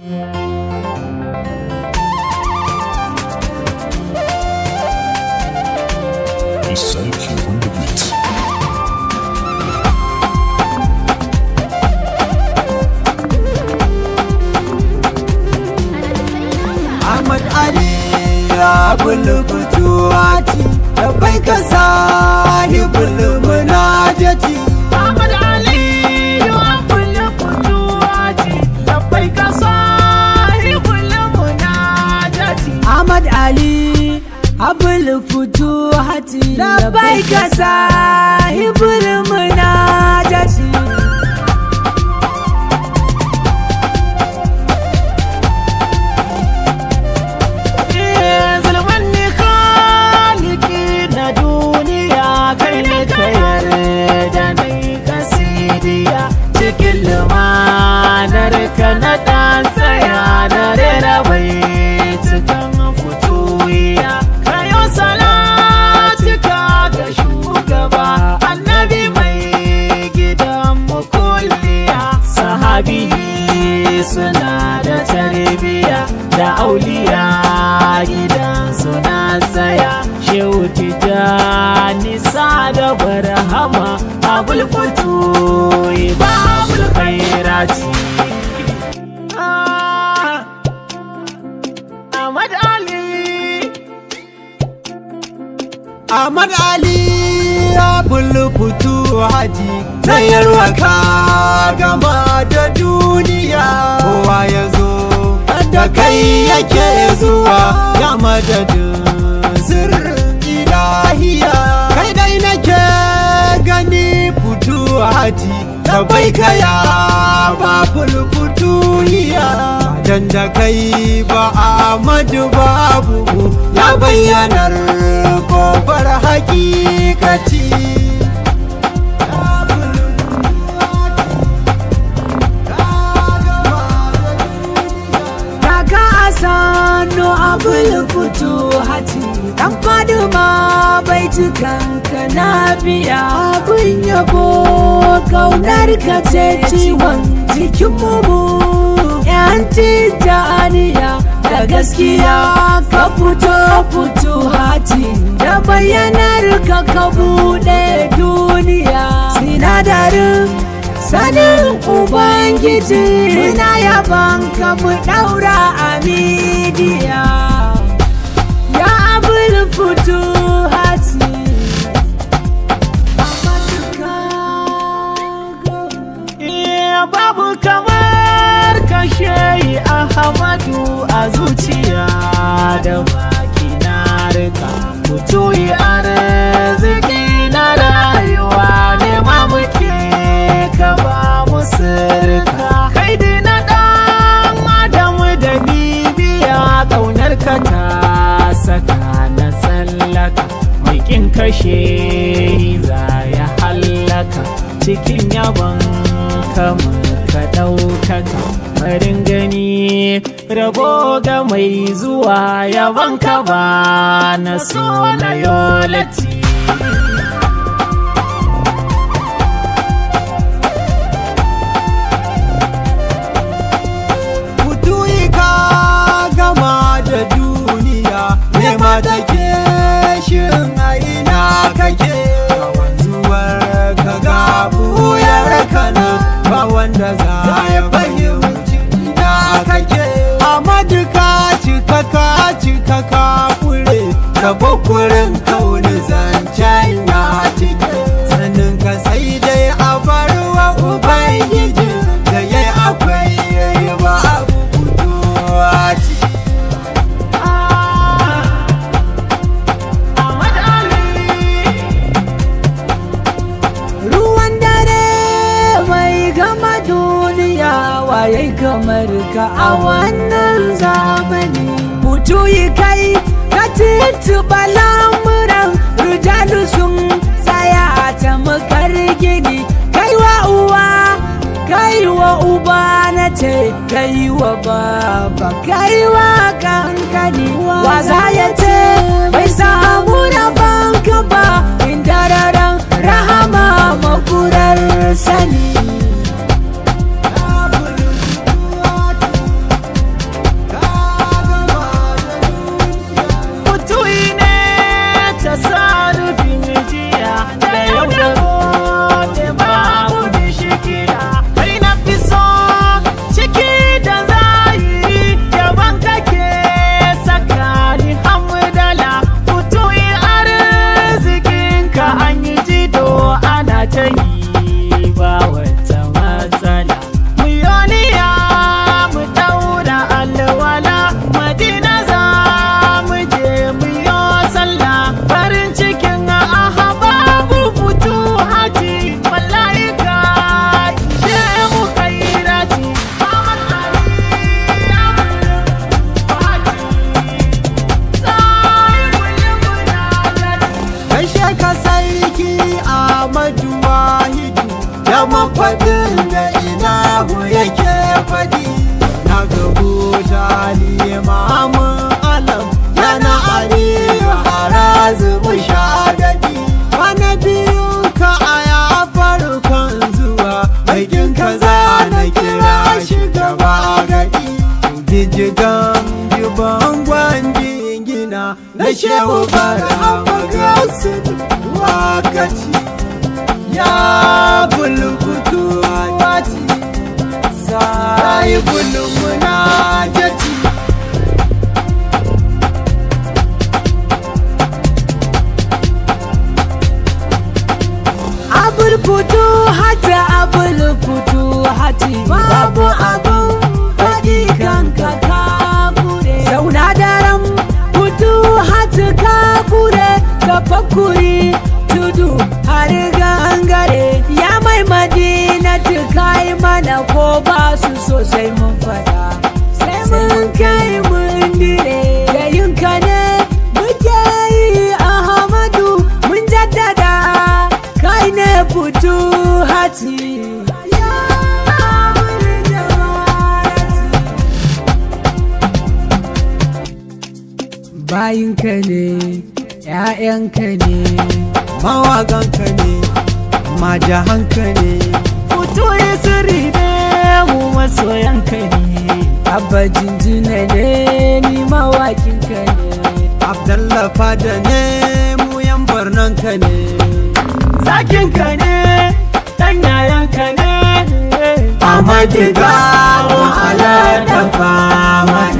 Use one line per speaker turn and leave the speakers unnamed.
Ich sag hier Runde mit. Ahmad Ali ya bulbutu ati, tabbai ka sahibul
ali abul futu hati bai labbai na sahibul munajati
Cikin lumanar ka na ɗan tsaya tarbiya da auliya gidan suna saya. shehu nisa da barahama abul fatu babul khairati ah, Ahmad Ali Ahmad Ali abul haji zayarwa ka gama da duniya kowa ya da kai yake zuwa ya madadin sirrin ilahiya kai dai nake gani fito hati da bai kaya ba fulfutuhiya dan da kai ba amadu babu ya bayyanar kofar hakikati
shano abul fito hati dan faduma bai cikan ka na biya Abun yabo kaunar ka ce ciwon jikin mu yanci janiya da gaskiya ka fito fito hati da bayanar ka ka duniya sinadarin sanin ubangiji muna yaban ka mu daura a midiya ya abul futu hati
eh, babu kamar kashe ahmadu a zuciya cikin yabon kama ka ɗaukar farin gani rabo ga mai zuwa yawan ka ba na so na wanda za ya fahimci na kake amma duka cika ka cika ka fure ka ka
wannan zamani mutu yi kai ka tuntuɓa lamuran rujalu sun tsaya a tamakar gini kai wa uwa kai wa uba na ce kai wa baba kai wa kankani wa za
gidan giban gwangin gina na shehu bara magasin wakaci ya bulbutu wati sai bulmuna
jaci kuri tudu har gangare ya mai madina kai mana ko ba su sosai mun fada sai mun kai mun dire ya yin kane. muke yi hamadu mun jaddada kai ne fito hati bayin ka ne ‘ya'yanka ne mawaganka ne majahanka ne fito ya sirri ne mu maso yanka ne abba jinjina ne ni mawakinka ne abdallafa da ne mu yan barnanka ne zakinka ne
ɗan yayanka ne amma ke gawo ala da fama